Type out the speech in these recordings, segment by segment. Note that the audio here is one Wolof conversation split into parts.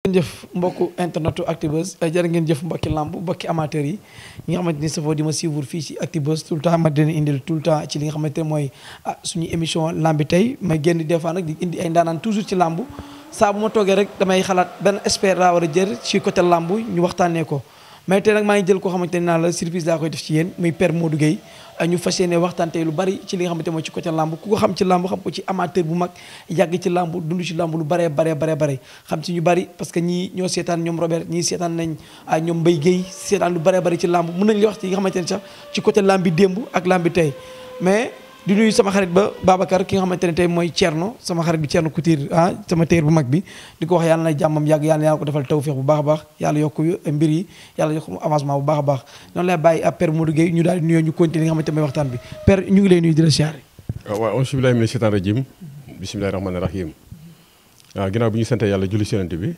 jërë ngeen jëf mbokku internetu Actubuzz eh, jërë ngeen jëf mbokki lamb mbokki amateur yi ñi nga xamante ni safoo di ma suivre fii ci Actubuzz tout le temps ma dina indil tout le temps ci li nga xamante mooy ah, suñu émission lambi tey ma génn des fois nag di indi ay ndaanaan toujours ci lamb saa bu toogee rek damay xalaat benn expert laa war a jër ci côté lamb ñu waxtaanee ko mais tey nag maa ngi jël koo xamante ne naa la surprise laa koy def ci yéen muy Père Modou Gueye Euh, ñu fas yéene waxtaan tey lu bari ci li nga xamante mooy ci côté làmb ku ko xam ci làmb xam ko ci amateur bu mag yàgg ci làmb dund ci làmb lu baree bare baree bare xam ci ñu bari parce que ñii ñoo seetaan ñoom Robert ñii seetaan nañ ah, ñoom Mbaye Guèye seetaan lu baree bari ci làmb mën nañu li wax ci yi nga xamante ne sax ci côté làmb bi démb ak làmb bi tey mais di nuy sama xarit ba Babacar ki nga xamante ne tey mooy Thierno sama xarit bi Thierno Couture ah sama téer bu mag bi di ko wax yàlla na jàmmam yàgg yàlla na ko defal tawféex bu baax a baax yàlla yokk mbir yi yàlla yokk avancement bu baax a baax noonu lay bàyyi ab père Modou Gueye ñu daal di nuyoo ñu continuer li nga xamante mooy waxtaan bi père ñu ngi lay nuyu di la siyaare ah, waaw auzu billaahi mina sheytaani rajiim bismillaahi rahmaani rahiim waaw ah, ginnaaw bi ñu sante yàlla julli seenante bi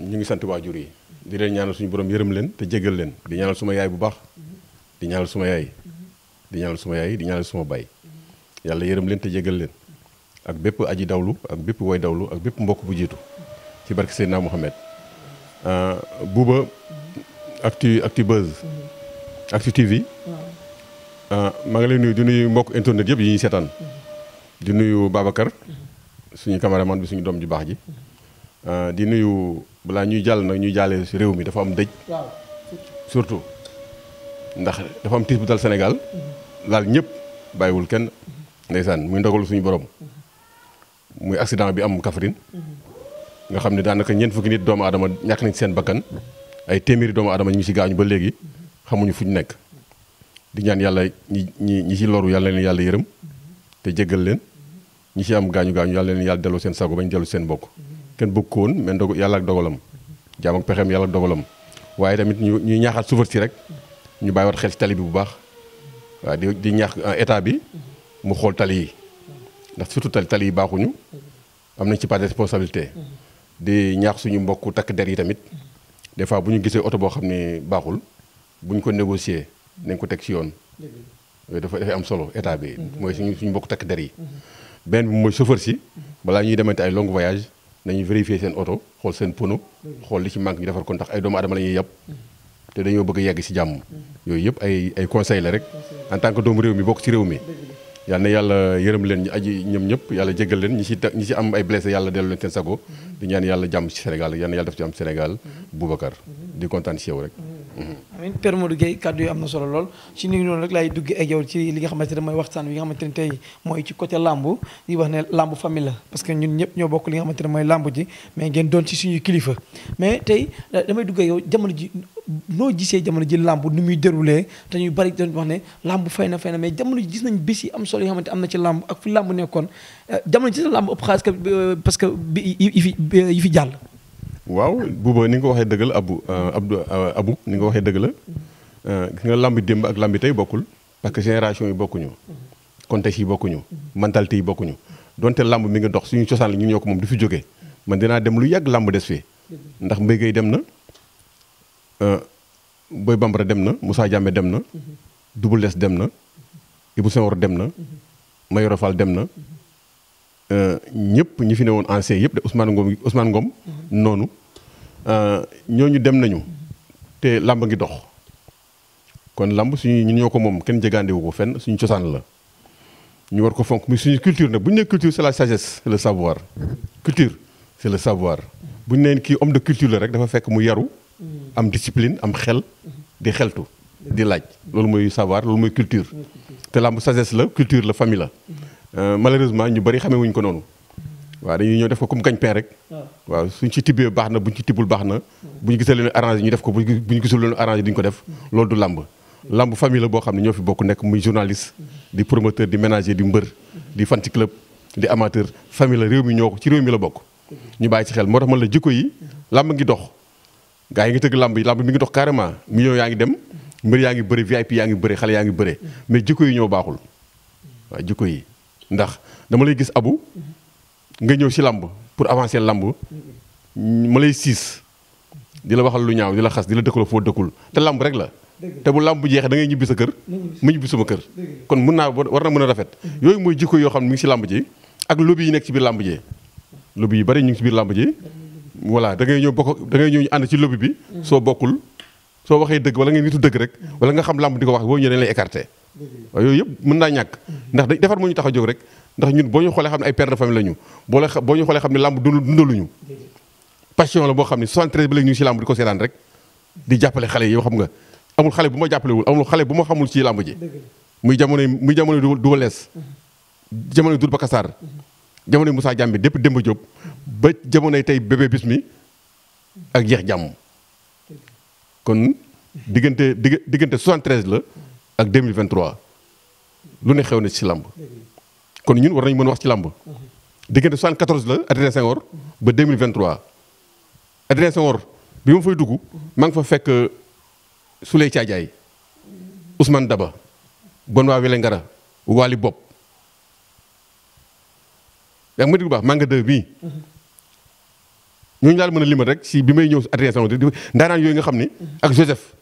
ñu ngi sant waajur yi di leen ñaanal suñu borom yërëm leen te jégal leen di ñaanal yaay bu baax di ñaanal suma yaay di ñaanal suma yaay di ñaanal suma baay yàlla yërëm leen te jégal leen ak bépp aji dawlu ak bépp woy dawlu ak bépp mbokk bu jiitu ci barke Seydina Mohamed euh, buuba actu actu buzz mm-hmm. actu euh, maa ngi lay nuyu di nuyu mbokk internet yëpp yi ñuy seetaan mm-hmm. di nuyu Babacar mm-hmm. suñu caméraman bi suñu doom ju baax ji euh, di nuyu balaa ñuy jàll nag ñuy jàllee si réew mi dafa am dëj surtout ndax dafa am tiis bu dal Sénégal laal ñëpp bàyyiwul kenn ndeysaan muy ndogalu suñu borom muy accident bi am Kaffrine nga xam ne daanaka ñeent fukki nit doomu adama ñàkk nañ seen bakkan ay téeméeri doomu aadama ñu si gaañu ba léegi xamuñu fu ñu nekk di ñaan yàlla ñi ñi ñi si loru yàlla leen yàlla yërëm te jéggal leen ñi si am gaañu gaañu yàlla leen yàlla delloo seen sago bañ dellu seen bokk kenn bëgg ko woon mais ndog yàlla ak dogalam jaam ak pexeem yàlla ak si rek ñu bàyyiwaat xel ci tali bi bu baax waaw di di ñaax euh, état bi mu xool tali yi ndax surtout tali tali yi baaxuñu am nañ ci part de responsabilité di ñaax suñu mbokk takk der yi tamit des fois bu ñu gisee oto boo xam ne baaxul bu ñu ko négocier nañ ko teg ci yoon yooyu dafa dafay am solo état bi mooy suñu suñu mbokk takk der yi benn bi mooy chauffeur si balaa ñuy demante ay long voyage nañu vérifier seen oto xool seen pono xool li ci manque ñu defar ko ndax ay doomu la ñuy yàpp te dañoo bëgg a yegg ci jàmm yooyu yëpp ay ay conseil la rek en tant doomu réew mi bokk ci réew mi yal na yàlla yërëm leen ñu aji ñoom ñëpp yàlla jéggal leen ñi ci ñi ci am ay blessé yàlla dellu leen seen sago di ñaan yàlla jàmm ci Sénégal yal na yàlla def ci am Sénégal Boubacar di kontaan ci yow rek amiin Père Modou kàddu yi am na solo lool ci ni noonu rek laay dugg ak yow ci li nga xamante ne mooy waxtaan wi nga xamante ne tey mooy ci côté làmb di wax ne làmb famille la que ñun ñëpp ñoo bokk li nga xamante ne mooy làmb ji mais ngeen doon ci suñuy kilifa mais tey euh, damay dugg ak yow ji noo gisee jamono ji làmb ni muy déroulé te ñuy bari dañ wax ne làmb fay na fay mais jamono ji gis nañ bés yi am solo yoo xamante am na ci làmb ak fi làmb nekkoon euh, jamono ji gis na làmb euh, parce que bi yi yi fi euh, jàll. waaw buuba ni nga ko waxee dëgg la abu abdu ni nga ko waxee dëgg la ki nga làmbi démb ak làmbi tey bokkul parce que génération yi bokkuñu contexte yi bokkuñu mentalité yi bokkuñu donte làmb mi ngi dox suñu cosaan la ñu ñoo ko moom du fi jógee man dinaa dem lu yàgg làmb des fii ndax mbéy dem na Boy Bambara dem na Moussa Diame dem na. Double Less dem na. Ibou Senghor dem na. Mayoro dem na. Euh, ñëpp ñi fi ne woon ancien yëpp de Ousmane Ngom noonu Ngom. noonu euh, ñooñu dem nañu. te làmb ngi dox. kon làmb suñu ñu ñoo ko moom kenn jegaandewu ko fenn suñu cosaan la. ñu war ko fonk muy suñu culture nag bu ñu nee culture c'est la sages c'est le savoir. culture c'est le savoir. bu ñu nee kii om de culture la rek dafa fekk mu yaru. am discipline am xel di xeltu di laaj loolu mooy savoir loolu mooy culture te làmb sagesse la culture la famille la euh, malheureusement ñu bari xamee wuñ ko noonu waa dañuy ñoo def ko comme gagne-pain rek ah. waaw suñ ci tibbee baax na buñ ci tibbul baax na bu ñu gisee leen arrangé ñu def ko bu ñu gisul leen arrangé duñ ko def loolu du làmb làmb famille boo xam ne ñoo fi bokk nekk muy journaliste di promoteur di ménager di mbër di fan club di amateur famille réew mi ñoo ko ci réew mi la bokk ñu bàyyi ci xel moo tax man la yi làmb ngi dox gaa yi ngi tëgg lamb yi lamb mi ngi dox carrément millions yaa ngi dem mbër yaa ngi bëri VIP yaa ngi bëri xale yaa ngi bëri mais jikko yi ñoo baaxul waaw jikko yi ndax dama lay gis abu nga ñëw si lamb pour avancer lamb ma lay siis di la waxal lu ñaaw di la xas di la dëkkaloo foo dëkkul te lamb rek la te bu làmb bu jeexee da ñibbi sa kër mu ñibbi sama kër kon mun naa war na mën a rafet mhm. yooyu mooy jikko yoo xam ne mu ngi si làmb ji ak lobby yi nek ci biir làmb ji lobby yu bari ñu ngi si biir ji voilà da ngay ñëw bokk da ngay ñëw ñu ànd ci lobby bi. soo bokkul soo waxee dëgg wala nga nitu dëgg rek. wala nga xam làmb di ko wax boobu ñu dañ lay écarté. waaw yooyu yëpp mën naa ñàkk. ndax dañ defar moo ñu tax a jóg rek ndax ñun boo ñu xoolee xam ay père de famille la ñu boo la boo ñu xoolee xam ne làmb dund dundaluñu. passion la boo xam ne 73 ba léegi ñu si làmb di ko seetaan rek di jàppale xale yi yoo xam nga amul xale bu ma jàppalewul amul xale bu ma xamul ci làmb ji muy jamono muy jamono du lees jamono Doudou Bakassar jamono Moussa jàmbi dépp Demba Diop ba jamonoy tey bébé bismi ak jeex jàmm kon diggante diggante 73 la ak 2023 lu ne xew na ci làmb kon ñun war nañu mën wax ci làmb diggante 74 la Adrien Senghor ba 2023 Adrien Senghor bi ma fay dugg maa ngi fa fekk euh, Souley Caajaay Ousmane Daba Benoît Wélingara Wali Bopp yaa ngi ma dégg bu baax maa nga dëgg bii ñooñu daal mën a limal rek si bi may ñëw si Adrien Senghor ndaanaan yooyu nga xam ni ak Joseph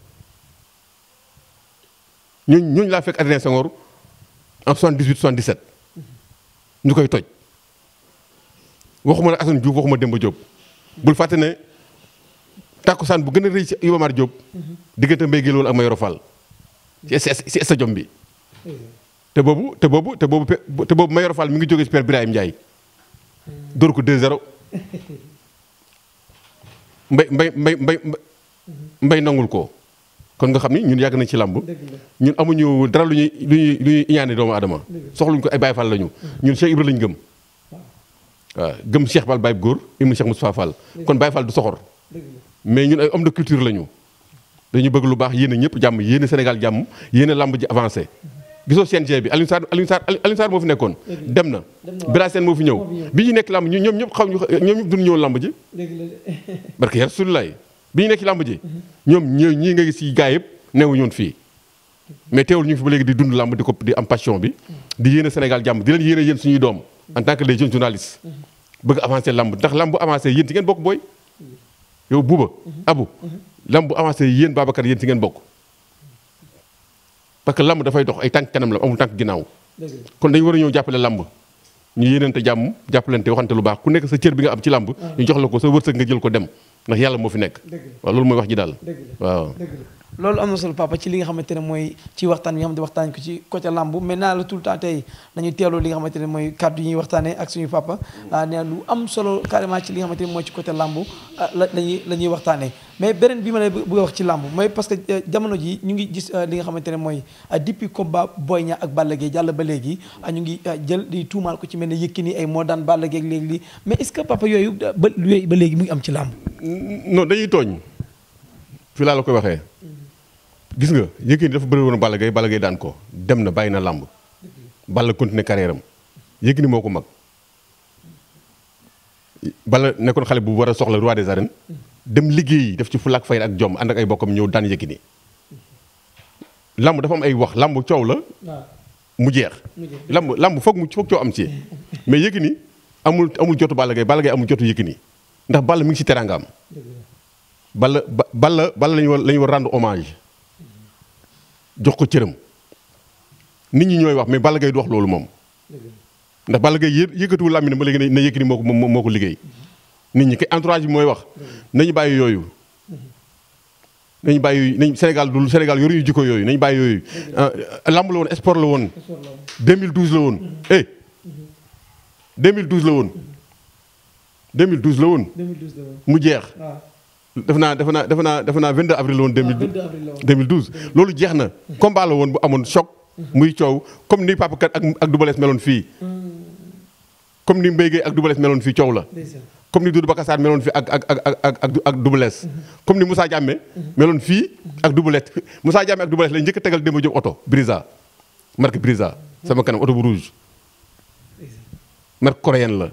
ñooñu ñooñu laa fekk Adrien Senghor en 78 77 ñu koy toj waxuma ne Assane Diouf waxuma Demba Diop bul fàtte ne tàkkusaan bu gën a rëy ci Iba Mar Diop diggante Mbaye Guèye loolu ak Mayoro Fall ci si stade bi te boobu te boobu te boobu te boobu Mayoro Fall mi ngi jógee si Père Birahim Ndiaye dóor ko 2-0 mbay mbay mbay mbay mbay nangul ko kon nga xam ni ñun yàgg nañ ci làmb ñun amuñu dara lu ñuy lu ñuy lu iñaane doomu aadama soxluñ ko ay Baye Fall lañu ñun Cheikh Ibra lañ gëm waaw gëm Cheikh Fall Baye Góor ibnu Cheikh Moustapha Fall kon Baye Fall du soxor mais ñun ay homme de culture lañu dañu bëgg lu baax yéene ñëpp jàmm yéene Sénégal jàmm yéene làmb ji avancé gisoo CNG bi Alioune Sarr Alioune Sarr Alioune moo fi nekkoon. dem na Bira Sène moo fi ñëw. bi ñu nekk làmb ñoom ñëpp xaw ñoom ñëpp duñu ñëw làmb ji. dëgg la parce que yar sulaay bi ñu nekk làmb ji. ñoom ñoo ñii nga gis si gaa yëpp newuñu fii. mais teewul ñu ngi fi ba léegi di dund làmb di ko di am passion bi. di yéene Sénégal jàmm di leen yéene yéen suñuy doom. en tant que les jeunes journalistes. bëgg avancer làmb ndax làmb bu avancé yéen ci ngeen bokk booy. Mm-hmm. yow Bouba mm-hmm. abu mm-hmm. làmb bu avancé yéen Babacar yéen ci ngeen bokk parce que lamb dafay dox ay tànk kanam la amul tànk ginnaaw kon dañu war a ñëw jàppale lamb ñu yéenante jàmm jàppalante waxante lu baax ku nekk sa cër bi nga am ci làmb ah. ñu jox la ko sa wërsëg nga jël ko dem ndax yàlla moo fi nekk waaw loolu mooy wax ji daal waaw loolu am na solo papa ci li nga xamante ne mooy ci waxtaan bi nga xamante waxtaan ko ci côté làmb maintenant la tout le li nga xamante ne mooy kàddu yi ñuy ak suñu papa mm. ah, nee lu am solo carrément ci li nga xamante mooy ci côté làmb ah, la lañuy la ñuy waxtaanee mais beneen bi ma lay wax ci làmb mooy parce que euh, jamono ji ñu ngi gis euh, li nga xamante ne mooy euh, depuis combat Boy Niang ak Balla Gaye jàll ba léegi mm. ah, ñu ngi jël di tuumaal ko ci mel ne Yékini ay moo daan Balla Gaye léegi mais est-ce que papa ba yooyu ba léegi am ci làmb non dañuy tooñ fi laa la koy waxee mm. gis nga Yékini dafa bëri woon Balla Gaye Balla Gaye daan ko dem na bàyyi na làmb Balla continuer carrière am Yékini moo ko mag Balla nekkoon xale bu war a soxla roi des arènes dem liggéeyi def ci fulaak fay ak jom ànd ak ay bokkam ñëw daan Yékini làmb dafa am ay wax làmb coow la mu jeex làmb làmb foog mu foog coow am ci mais Yékini amul amul jotu Balla Gaye Balla Gaye amul jotu ni ndax Balla mi ngi ci teraangaam Balla Balla Balla lañu war lañu war rendre hommage jox ko cëram nit ñi ñooy wax mais Balla Gaye du wax loolu moom. ndax Balla Gaye yëkkatiwul làmmiñ ma léegi na yëkkati moo ko moo ko liggéey. nit ñi kay entourage bi mooy wax nañu bàyyi yooyu. nañu bàyyi nañ Sénégal du Sénégal yoruñu jikko yooyu nañu bàyyi yooyu. Ah, lamb la woon sport la woon. 2012 la woon eh. 2012 la woon. 2012 la woon. mu jeex. Ah. defe naa defe naa defe naa defe naa 22 avril woon 2012 ah, loolu jeex na combat la woon bu amoon choc muy coow comme ni Papa Kat ak ak Double Less meloon fii hmm. comme ni Mbaye Gueye ak Double Less meloon fii coow la comme ni Doudou Bakassar meloon fii ak ak ak ak ak Double Less hmm. comme ni Moussa Diame hmm. meloon fii ak Double Less Moussa Diame ak Double Less lañ njëkk a tegal Demba Diop oto Brisa marque Brisa sama kanam oto bu rouge marque coréenne la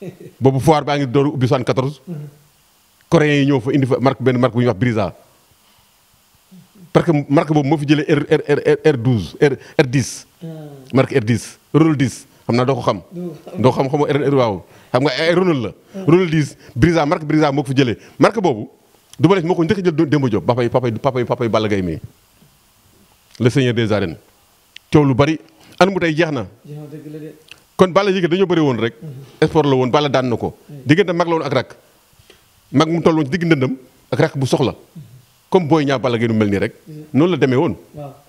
boobu foire baa ngi door ubbi 74 coréens yi ñëw fa indi fa marque benn marque bu ñuy wax Brisa parce que marque boobu moo fi jële R R R 12 R R 10. Ah. xam naa doo ko xam. doo xam xamoo R waaw xam nga ay Renault la. Ah. Renault 10 Brisa marque Brisa moo ko fi jëlee marque boobu Double Less moo ko njëkk a jël Demba Diop papay papay papay papay Balla Gaye mii le des arènes coow lu bari an mu jeex na. kon Balla yëge dañoo bëri woon rek. Mm-hmm. sport la woon Balla daan na ko mm. diggante mag la woon ak rak. mag mu tolloon digg ndëndam ak rakk bu soxla comme booy ñaa Balla Gaye nu mel nii rek noonu la demee woon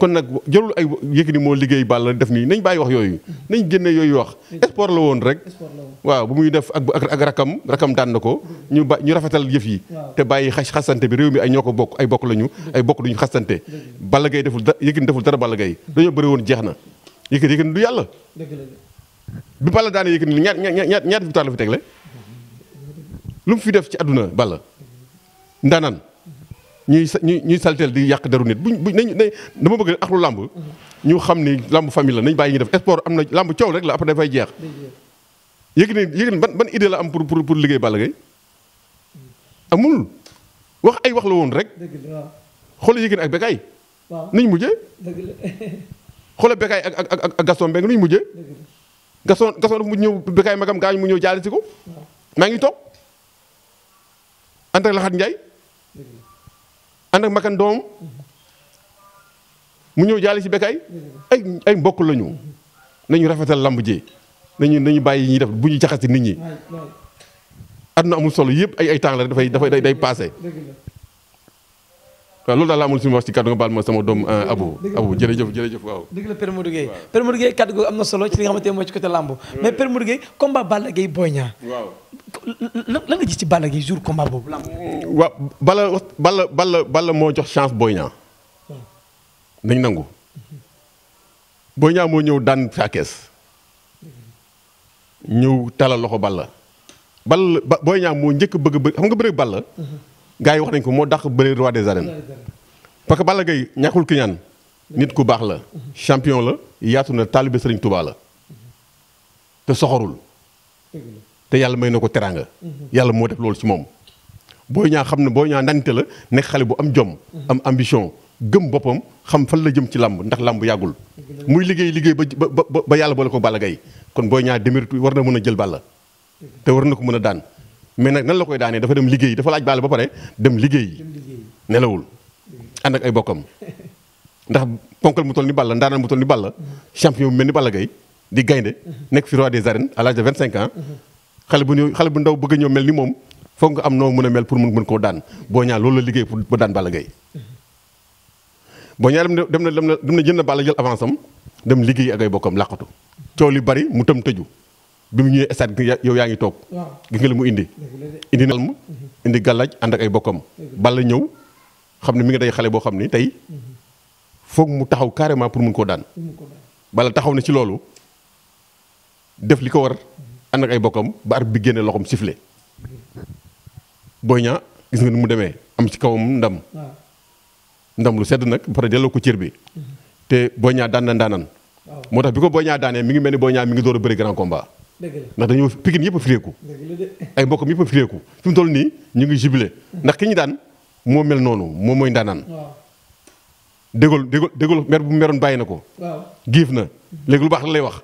kon nag jarul ay Yékini moo liggéey Balla def nii nañ bàyyi wax yooyu nañ génne yooyu wax sport la woon rek waaw bu muy def ak ak rakam rakam daan na ko mmh. ñu ba ñu rafetal yëf yi te bàyyi xas xasante bi réew mi ay ñoo ko bokk ay bokk lañu ay bokk duñu xasante Balla Gaye deful da Yékini deful dara Balla Gaye dañoo bëri woon jeex na Yékini Yékini du yàlla bi Balla daane Yékini ñaar ñaar ñaar victoire la fi tegle lu mu fi def ci àdduna bala ndaanaan ñuy ñuy ñuy salteel di yàq deru nit buñ buñ nañ dama bëgg axlu làmb ñu xam ni làmb famille la nañ bàyyi ñu def sport am na làmb coow rek la après dafay jeex yëg ni yëg ban ban idée am pour pour pour liggéey Balla Gaye amul wax ay wax la woon rek xool yëg ni ak Bécaye nuñ mujjee xoolal Bécaye ak ak ak Gaston Mbengue nuñ mujjee Gaston Gaston dafa mu ñëw bekkaay magam gaañ mu ñëw jaale si ko maa ngi toog ànd ak Laxat Njaay ànd ak doom mu ñëw jaale si Bécaye ay ay mbokk lañu na nañu rafetal lamb ji nañu ñu bàyyi ñuy def bu ñu jaxasi nit ñi àdduna amul solo yëpp ay ay temps dafay dafay day day paase. waaw loolu daal laa amoon suñu wax ci kàddu nga baal ma sama doom euh, Abou Abou jërëjëf jërëjëf waaw dëgg solo ci li nga xamante ne mooy ci côté lamb mm. mais Père Modou Gueye combat Balla Gaye waaw mm, Balla Balla Balla moo jox chance booy Niang mm. nañ nangu Boy Niang moo ñëw daan saakees mm-hmm. ñëw talal loxo Balla Balla Boy Niang moo njëkk bëgg bëgg xam nga bëre Balla mm-hmm. gars wax nañ ko moo dàq bëri roi de arènes parce que Balla Gaye ñàkkul ki ñaan nit ku baax la champion la yaatu na taalibe Sëriñ Tuubaa la te soxorul te yàlla may na ko teraanga mhm. yàlla moo def loolu ci moom booy ñaa xam ne booy ñaa ndante la nekk xale bu am jom mhm. am ambition gëm boppam xam fan la jëm ci làmb ndax làmb yàggul muy liggéey liggéey ba ba ba yàlla boole ko Balla kon booy ñaa demiritu war na mën a jël Balla te war na ko mën a daan mais nag nan la koy daanee dafa dem liggéey dafa laaj baal ba pare dem liggéey nelawul ànd ak ay bokkam ndax ponkal mu toll ni Balla ndaanaan mu toll ni Balla champion bu mel ni Balla Gaye di gaynde nekk fi roi des arènes à l'âge de 25 ans xale bu ñëw xale bu ndaw bëgg a ñëw mel ni moom foog nga am noo mën a mel pour mun mën koo daan boo ñaar loolu la liggéey pour ba daan Balla Gaye boo ñaar dem na dem na jënd Balla jël avance am dem liggéey ak ay bokkam làqatu coow li bari mu tëm tëju bi mu ñëwee stade gi yow yaa ngi toog. gis nga li mu indi. indi na mhm. indi gàllaaj ànd ak ay bokkam. Balla ñëw xam ne mi ngi day xale boo xam ni tey mhm. foog mu taxaw carrément pour mun koo daan. Balla taxaw na ci loolu def li ko war mhm. ànd ak ay bokkam ba arbitre bi génne loxoom sifflé. Boy Niang gis nga ni mu demee am ci kawam ndam. ndam lu sedd nag ba pare delloo ko cër bi. te Boy Niang daan na daanan. moo tax bi ko Boy Niang daanee mi ngi mel ni Boy Niang mi ngi ndax dañoo Pikine yëpp a ay mbokkam yëpp a firéeku fi nii ñu ngi jubilé ndax ki ñu daan moo mel noonu moom mooy ndaanaan dégol dégol mer bu meroon bàyyi na ko giif na léegi lu baax la lay wax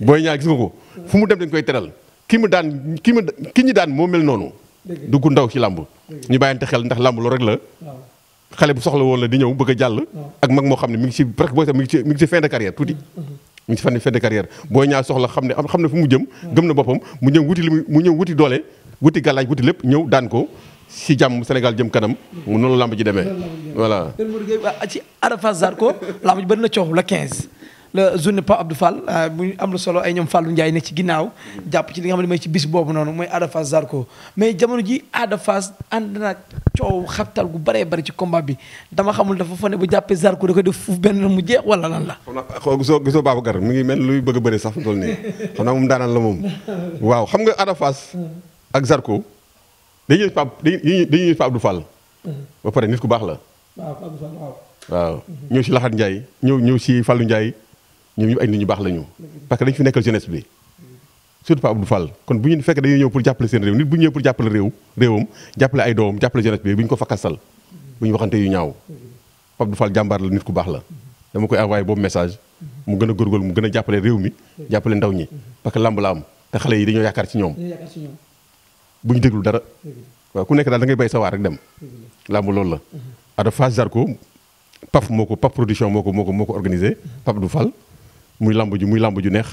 booy ñaar gis nga ko fu mu dem dañ koy teral ki mu daan ki mu ki ñu daan moo mel noonu du ndaw ci làmb ñu bàyyante xel ndax làmb loolu rek la xale bu soxla woon la di ñëw bëgg a jàll ak mag moo xam ne mi ngi ci presque booy sax mi ngi ci mi mu ngi ci fan fin de carrière booy ñaar soxla xam ne am xam ne fu mu jëm gëm na boppam mu ñëw wuti li mu ñëw wuti doole wuti gàllaaj wuti lépp ñëw daan ko si jàmm Sénégal jëm kanam mu noonu la lamb ji demee voilà ci Arafa Zarko lamb ji bëri na coow la 15 la journée Pape Abdou Fall ah, bu am la solo ay ñoom Fallou Ndiaye nekk ci ginnaaw jàpp ci li nga xam ne mooy ci bis boobu noonu mooy Ada Fass Zarko mais jamono ji Ada Fass ànd na coow xabtal gu bëree bëri ci combat bi dama xamul dafa fa bu jàppee Zarko da koy def fuuf benn mu jeex wala lan la. xam naa gisoo gisoo Babacar mi ngi mel luy bëgg a bëri sax dool nii la moom waaw xam nga Ada Fass ak Zarko dañuy mm-hmm. pare nit ku baax la waaw waaw ñëw si Laxat Ndiaye ñëw si Fallou Ndiaye ñoom ñëpp ay nit ñu baax la ñu parce que dañu fi nekkal jeunesse bi surtout Pape Abdou Fall kon bu ñu fekkee dañuy ñëw pour jàppale seen réew nit bu ñu ñëw pour jàppale réew réewam jàppale ay doomam jàppale jeunesse bi bu ñu ko fakkasal bu ñu waxante yu ñaaw Pape Abdou Fall jàmbaar la nit ku baax la dama koy envoyé boobu message mu gën a góorgóorlu mu gën a jàppale réew mi jàppale ndaw ñi parce que lamb la am te xale yi dañoo yaakaar ci ñoom bu ñu déglu dara waaw ku nekk daal da ngay bay sa rek dem lamb loolu la ada phase Zarko paf moo ko paf production moo moo ko moo ko organisé Pape Abdou Fall muy lamb ju muy lamb ju neex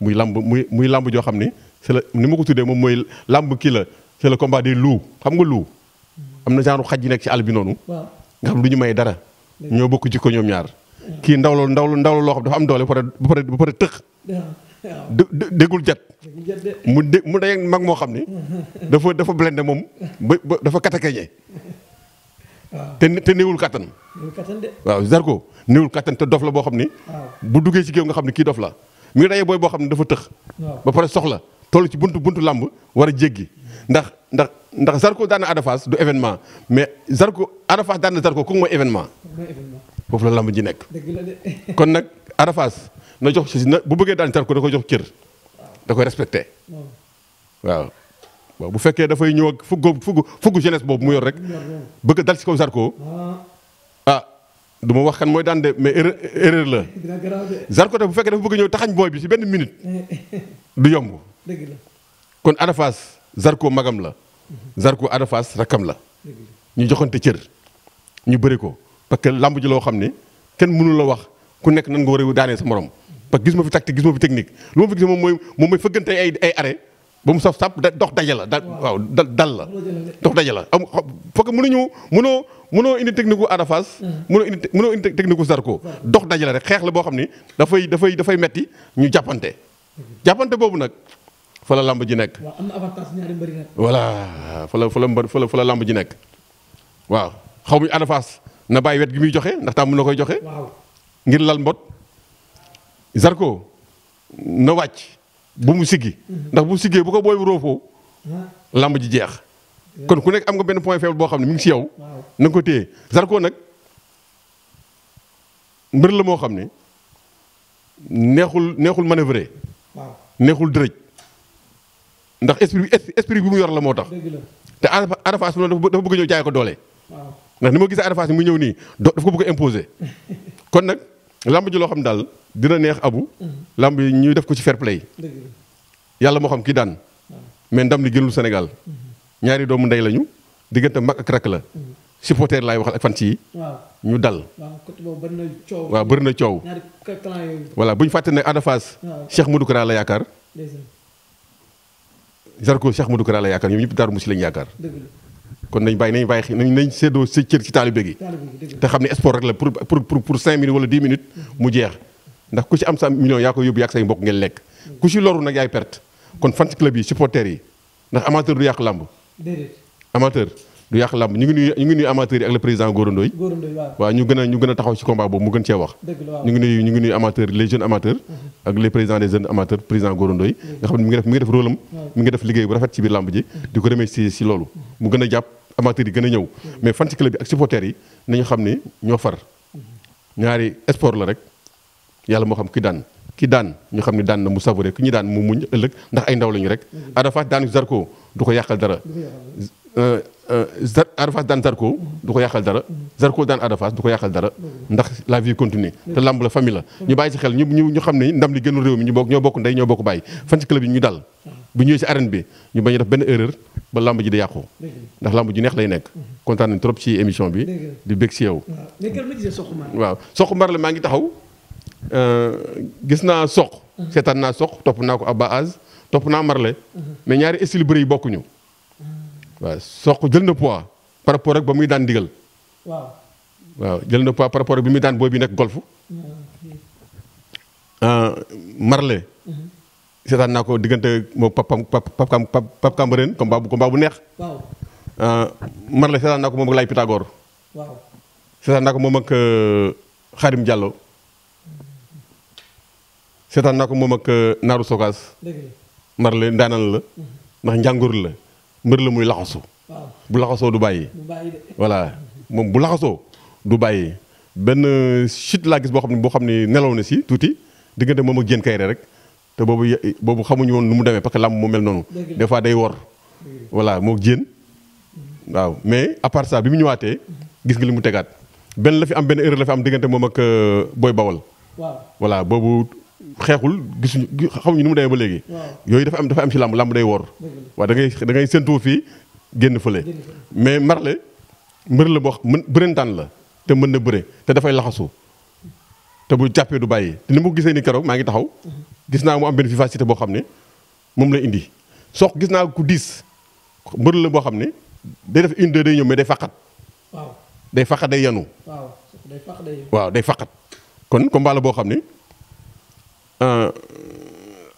muy lamb muy muy lamb joo xam ni c'est ni ma ko tuddee moom mooy lamb kii la c'est le combat des xam nga loup am na genre xaj yi nekk ci àll bi noonu. nga xam du ñu may dara. ñoo bokk ci ko ñoom ñaar. kii ndaw la ndaw la ndaw la xam dafa am doole ba pare ba pare ba pare tëx. dégul jat mu dé mu day mag moo xam ni. dafa dafa blende moom ba dafa katakeñe te te néewul kattan. néewul kattan de. waaw Zarko néewul kattan te dof la boo xam ni. bu duggee ci géew nga xam ni kii dof la mi ngi booy boo xam ne dafa tëx. ba pare soxla toll ci buntu buntu làmb war a jéggi ndax ndax ndax Zarko daan na du événement mais Zarko Ada Fass daan na Zarko mooy événement. foofu la làmb ji nekk. kon nag Ada Fass na jox si na bu bëggee daan Zarko da koy jox cër. da koy respecté waaw. waaw bu fekkee dafay ñëw ak fugg fugg fugg jeunesse boobu mu yor rek bëgg dal si kaw Zarko ah. ah du ma wax kan mooy daan de mais erreur la Zarko bu fekkee dafa bëgg ñëw taxañ booy bi ci benn minute du yomb kon Ada Fass magam la mhm. Zarko Ada Fass rakkam la ñu joxante cër ñu bëri ko parce que làmb ji loo xam ne kenn mënu la wax ku nekk nan nga war a daanee sa morom mhm. parce que gis ma fi tactique gis ma fi technique lu ma fi gis moom mooy moom mooy fëggante ay ay arrêt ba mu saf sàpp da dox daje la da waaw da dal la dox daje la am fokk mënuñu mënoo mënoo indi technique gu Ada Fass mënoo indi mënoo indi technique gu Zarko dox daje la rek xeex la boo xam ni dafay dafay dafay metti ñu jàppante jàppante boobu nag fa la lamb ji nekk waaw am na avantage ñaari mbëri nag voilà nekk waaw xaw mu Ada Fass na bàyyi wet gi muy joxe ndax tam mën na koy joxe ngir lal mbot Zarko na wàcc bu mu siggi ndax bu siggee bu ko booy roofoo hmm. làmb ji jeex hmm. kon ku nekk am nga benn point faible boo xam ne mi si yow na nga ko téye Zarko nag mbër la moo xam ne neexul neexul manœuvrer neexul dërëj ndax esprit esprit bi mu yor la moo tax te Ada Fass dafa bëgg ñëw jaay ko doole ndax ni ma gisee Ada Fass mu ñëw nii doo dafa ko bëgg a kon nag làmb ji loo xam daal dina neex abu lamb yi ñuy def ko ci fair play yàlla moo xam kii daan mais ndam li gënul Sénégal mhm. ñaari doomu ndey lañu diggante mag ak rakk la mhm. supporter laay waxal ak fan ci yi ñu dal waaw bëri na coow voilà bu ñu fàtte ne Ada Fass Cheikh Modou Kara la yaakaar Zarko Cheikh Modou Kara la yaakaar ñoom ñëpp Daaru Musi lañu yaakaar kon nañ bàyyi nañ bàyyi nañ nañ séddoo sa cër ci taalibe gi te xam ne sport rek la pour pour cinq minutes wala dix minutes mhm. mu jeex ndax ku ci am sa million yaa ko yóbbu yàgg say mbokk ngeen lekk ku ci loru nag yaay perte kon fan club yi supporters yi ndax amateur du yàq làmb amateur du yàq làmb ñu ngi nuyu ñu ngi nuyu amateurs yi ak le président Gora Ndoye waaw ñu gën a a taxaw ci combat boobu mu gën cee wax ñu ngi nuyu ñu ngi nuyu amateurs les jeunes amateurs mm-hmm. ak les présidents des jeunes amateurs président Gora Ndoye mm-hmm. nga xam ne mi ngi def mi mu def rôle ngi def liggéey bu rafet ci biir làmb ji mm-hmm. di ko remercier ci loolu a jàpp amateurs gën a ñëw mais fan club yi ak supporters yi nañu xam ne ñoo far ñaari sport la rek yàlla moo xam ki daan ki daan ñu xam ne daan na mu rek ki ñu daan mu muñ ëllëg ndax ay ndaw lañu rek. Ada Fass daanu Zarko du ko yàqal dara. Euh, euh, Ada Fass daan Zarko du ko yàqal dara Zarko daan Ada du ko yàqal dara ndax la vie continue te lamb la famille la ñu bàyyi si xel ñu ñu ñu xam ne ndam li gënul réew mi ñu bokk ñoo bokk ndey ñoo bokk bàyyi fan ci club yi ñu dal bu ñëwee ci arène bi ñu bañ a def benn erreur ba lamb ji di yàqu ndax lamb ji neex lay nekk kontaan trop ci émission bi di bég ci yow waaw Soxu Mbar la maa ngi taxaw Euh, gis naa soq. seetaan naa sox topp naa ko Abba Az topp naa Marley. mais ñaari style bëre yi bokkuñu. waaw soq jël na poids par rapport ak ba muy daan digal. waaw jël na poids par rapport ak bi muy daan booy bi nekk golf. Euh, Marley. seetaan naa ko diggante moom papam papam pap Cambérène combat bu combat bu neex. waaw euh, Marley seetaan naa ko moom ak Laye Pythagore. waaw seetaan naa ko moom ak Xarim Diallo. seetaan naa ko moom ak euh, naaru sogaas ndar la ndaanaan la mhm. ndax njàngur la mbër la muy laxasu bu laxasoo du bàyyi voilà moom bu laxasoo du bàyyi benn euh, chute laa gis boo xam ne boo xam ne nelaw na si tuuti diggante moom ak jën kayre rek te boobu boobu xamuñu woon nu mu demee parce que làmb mu mel noonu des fois day wor voilà moo jën mhm. waaw mais à part bi mu ñëwaatee mhm. gis nga li mu tegaat benn la fi am benn erreur la fi am diggante moom ak euh, booy bawal voilà boobu xeexul gisuñu xamuñu ni mu demee ba léegi. yooyu dafa am dafa am ci làmb làmb day wor. waaw da ngay da ngay fii génn fële. mais Marley mbër la boo xam mën bërintaan la te mën na bëre te dafay laxasu te bu jàppee du bàyyi te ni mu gisee ni keroog maa ngi taxaw. Mhm. gis naa mu am benn vivacité boo xam ne moom la indi sox gis naa ku diis mbër la boo xam ne day def day ñëw day faqat. waaw day waaw day faqat kon combat boo xam ne. Euh,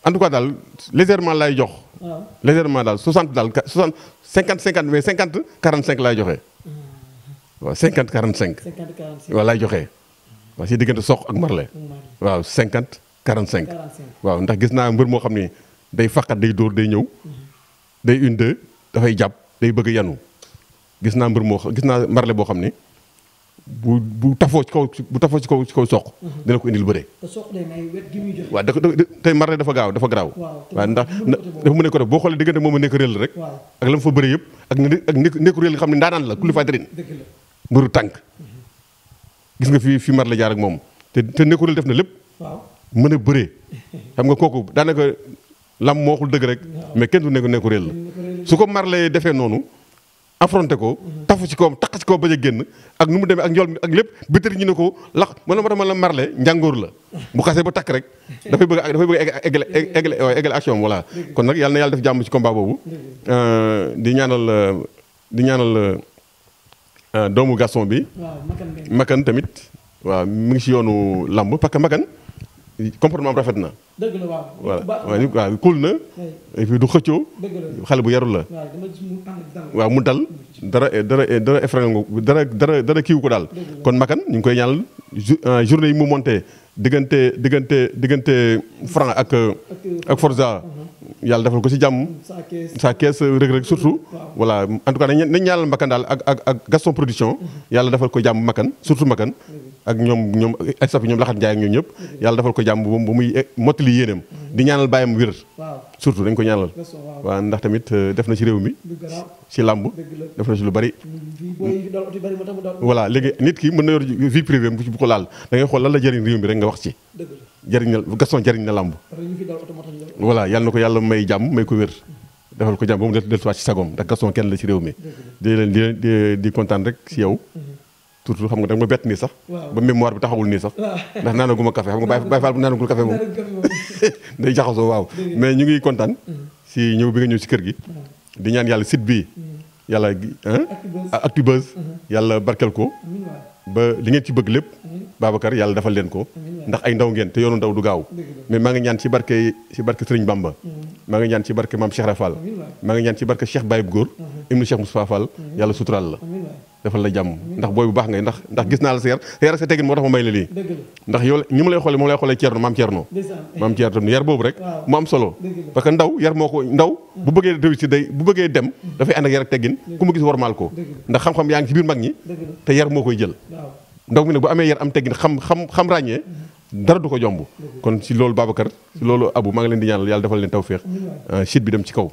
en tout cas daal légèrement lay jox. légèrement daal 60 daal 60 50 50 mais 50 cinq laay joxe. Mm. waaw 50 45. 50 45 joxe. waaw si diggante soq ak marle. waaw 50 45. 45 waaw ndax gis naa mbër moo xam ni day faqat day dóor day ñëw. Mm-hmm. day une dafay jàpp day bëgg yanu gis naa mbër moo gis naa marle boo xam ni. bu bu tafoo ci kaw bu tafoo ci kaw ci kaw soq. Mhm. dina ko indil bëre. te soq day may wet gi muy joxe. dafa dafa gaaw dafa garaaw. waaw ndax dafa mën a ko def boo xoolee diggante moom a nekk réel rek. ak la mu fa bëre yëpp ak ak nekk réel nga xam ne ndaanaan la kulli fàttarin. dëgg la mbëru tànk. Mhm. gis nga fi fi marle jaar ak moom te te nekk réel def na lépp. waaw mën a bëre. xam nga kooku daanaka lam moo waxul dëgg rek. mais kenn du nekk nekk réel la su ko marle defee noonu. affronté ko tafu ci kawam taq ci kaw bañ a génn ak nu mu demee ak njool mi ak lépp bitir ñu ne ko lax man la ma tax la marle njàngoor la bu xasee ba takk rek dafay bëgg dafay bëgg eggale eggale waaw eggale action am voilà kon nag yàlla na yàlla def jàmm ci combat boobu euh, di ñaanal di ñaanal euh, doomu garçon bi makan tamit waaw mu ngi si yoonu làmb parce que makan comportement rafet na. dëgg la waaw voilà waaw kóol na. et du xëccoo. xale bu yarul la. waaw mu dal. dara eh, eh, dara dara effrayé nga dara dara kiiw ko daal. kon Makan ñu ngi koy ñaanal euh, journée yi mu monte diggante diggante diggante Franc ak. ak euh, yàlla defal ko si jàmm. sa kees euh, Reug Reug surtout. voilà en tout cas nañu nañu ñaanal Makan daal ak ak ak Gaston production. Mhm. yàlla defal ko jàmm Makan surtout Makan. Mhm. ak ñoom ñoom ay saf ñoom Laxat Njaay ak ñoom ñëpp. Mhm. yàlla defal ko jàmm ba muy eh, mottali yéeneem. di ñaanal bàyyam wér. surtout dañ ko ñaanal waa ndax tamit euh, def na ci réew mi ci làmb def na ci lu bari mm-hmm. voilà léegi nit ki mën na yor vie ci bu ko laal da xool lan la jëriñ réew mi rek nga wax ci jëriñ na Gaston jëriñ na làmb voilà yàlla na ko yàlla may jàmm may ko wér defal ko jàmm ba mu dellusiwaat ci sagoom ndax Gaston kenn la ci réew mi di leen di di kontaan rek ci yow mm-hmm. surtout xam nga da ma bett nii sax. ba mémoire bi taxawul nii sax. ndax naanaguma café xam nga Baye Fall bu naanagul café moom. day jaxasoo waaw. mais ñu ngi kontaan. Mm. si ñëw bi nga ñëw si kër gi. di ñaan yàlla sit bii. Mm. yàlla Actubuzz mm-hmm. yàlla barkeel ko. ba li ngeen ci bëgg lépp. Mm-hmm. Babacar yàlla defal leen ko. ndax ay ndaw ngeen te yoonu ndaw du gaaw. mais maa ngi ñaan ci barke ci barke Serigne Bamba. Mm-hmm. maa ngi ñaan si barke maam Cheikh Rafal. maa ngi ñaan ci barke Cheikh Baye Góor. ibnu Cheikh Moustapha Fall yàlla suturaal la. defal la jàmm ndax booy bu baax ngay ndax ndax gis naa la sa yar sa yar sa teggin moo tax ma may la lii ndax yow ni mu lay xoolee moom lay xoolee ceerno maam ceerno maam ceerno yar boobu rek mu am solo parce que ndaw yar moo ko ndaw mm. bu bëggee réussir day bu bëggee dem dafay ànd ak yar ak teggin ku mu gis warmaal ko ndax xam-xam yaa ngi ci biir mag ñi te yar moo koy jël ndaw mi nag bu amee yar am teggin xam xam xam ràññee mm. dara du ko jomb kon si loolu Babacar si loolu abu maa ngi leen di ñaanal yàlla defal leen tawféex ah, site bi dem ci kaw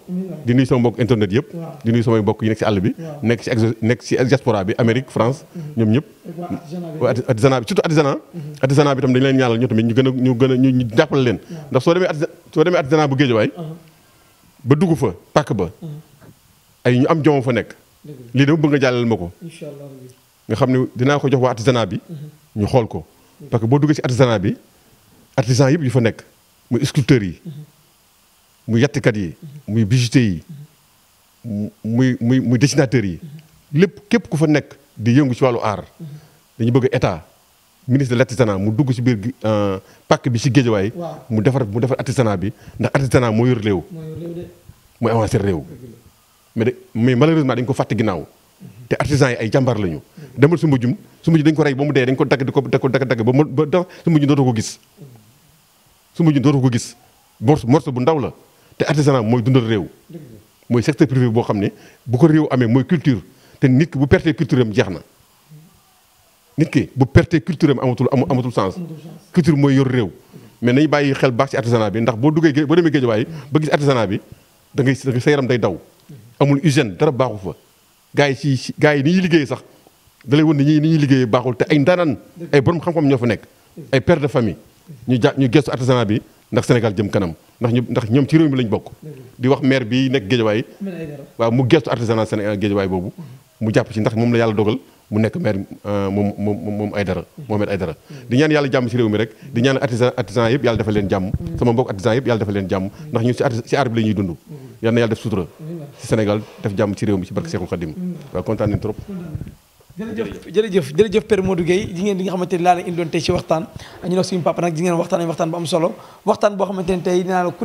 di nuyu sama mbokk internet yëpp di nuyu samay mbokk yi nekk si àll bi nekk si nekk si diaspora bi Amérique France ñoom ñëpp artisanat bi surtout artisanat artisanat bi tam dañu leen ñaanal ñoo tamit ñu gën a ñu gën a ñu jàppale leen ndax soo demee soo demee artisanat bu Géejawaay ba dugg fa pàkk ba ay ñu am jom fa nekk lii dama bëgg nga jàllal ma ko nga xam ne dinaa ko jox waa artisanat bi ñu xool ko parce que boo duggee ci artisanat bi artisan yëpp yu fa nekk muy sculpteurs yi muy yattikat yi muy bijoutiers yi muy muy muy dessinateurs yi lépp képp ku fa nekk di yëngu si wàllu art dañu bëgg état ministre de l'artisanat mu dugg si biir euh, pàkk bi ci géejawaay mu defar mu defar artisanat bi ndax artisanat moo yor réew mooy avancé réew mais de mais malheureusement dañ ko fàtte ginnaaw te artisans yi ay jàmbaar lañu. demal su mbujum su mbujum dañ ko rey ba mu dee dañ ko dagg ko da ko dagg dagg ba mu su mbujum dootoo ko gis. su mbujum bu ndaw la te artisanat mooy dundal réew. mooy secteur privé boo xam ne bu ko réew amee mooy culture te nit ki bu pertee culture am jeex na. nit ki bu pertee culture am amatul amatul sens. culture mooy yor réew. mais nañ bàyyi xel baax ci artisanat bi ndax boo duggee boo demee géej waaye ba gis artisanat bi da ngay sa yaram day daw. Mm-hmm. amul hygiène dara baaxu fa. gars yi ci gars yi ni ñuy liggéey sax da lay won ni ñi ni ñuy liggéey baaxul te ay ndaanaan ay borom xam-xam ñoo fa nekk ay père de famille ñu ja ñu gestu artisanat bi ndax Sénégal jëm kanam ndax ñu ndax ñoom ci réew mi lañ bokk di wax maire bi nekk géejawaay waaw mu gestu artisanat Sénégal géejawaay boobu mu jàpp ci ndax moom la yàlla dogal mu nekk maire euh, moom moom moom di ñaan yàlla jàmm ci réew mi rek di ñaan artisan artisan yëpp yàlla defal leen jàmm sama mbokk artisan yëpp yàlla defal leen jàmm ndax ñun ci ci aar bi la dund yàlla def sutura ci Sénégal def jàmm ci réew mi ci barke Seexul Xadim waaw kontaan nañ trop jërëjëf jërëjëf jërëjëf Père Modou Gueye di ngeen di nga xamante ni laa la tey ci waxtaan ñu nag suñu papa nag di ngeen waxtaan waxtaan bu am solo